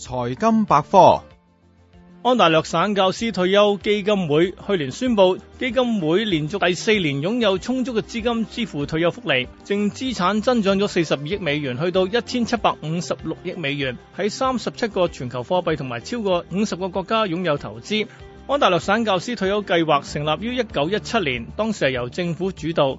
財金百科。安大略省教師退休基金會去年宣布，基金會連續第四年擁有充足嘅資金支付退休福利，淨資產增長咗四十二億美元，去到一千七百五十六億美元，喺三十七個全球貨幣同埋超過五十個國家擁有投資。安大略省教師退休計劃成立於一九一七年，當時係由政府主導。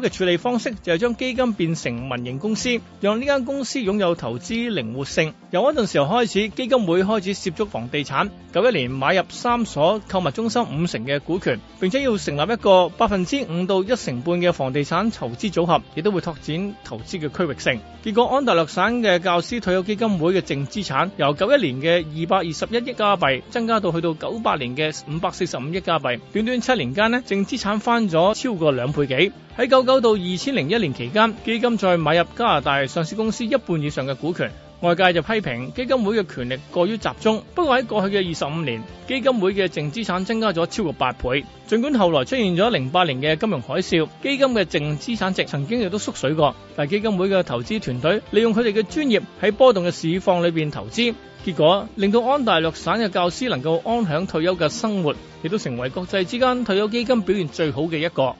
嘅處理方式就係將基金變成民營公司，讓呢間公司擁有投資靈活性。由嗰陣時候開始，基金會開始涉足房地產。九一年買入三所購物中心五成嘅股權，並且要成立一個百分之五到一成半嘅房地產投資組合，亦都會拓展投資嘅區域性。結果安大略省嘅教師退休基金會嘅淨資產由九一年嘅二百二十一億加幣增加到去到九八年嘅五百四十五億加幣。短短七年間呢，淨資產翻咗超過兩倍幾。喺九九到二千零一年期間，基金再買入加拿大上市公司一半以上嘅股權。外界就批評基金會嘅權力過於集中，不過喺過去嘅二十五年，基金會嘅淨資產增加咗超過八倍。儘管後來出現咗零八年嘅金融海嘯，基金嘅淨資產值曾經亦都縮水過，但基金會嘅投資團隊利用佢哋嘅專業喺波動嘅市況裏邊投資，結果令到安大略省嘅教師能夠安享退休嘅生活，亦都成為國際之間退休基金表現最好嘅一個。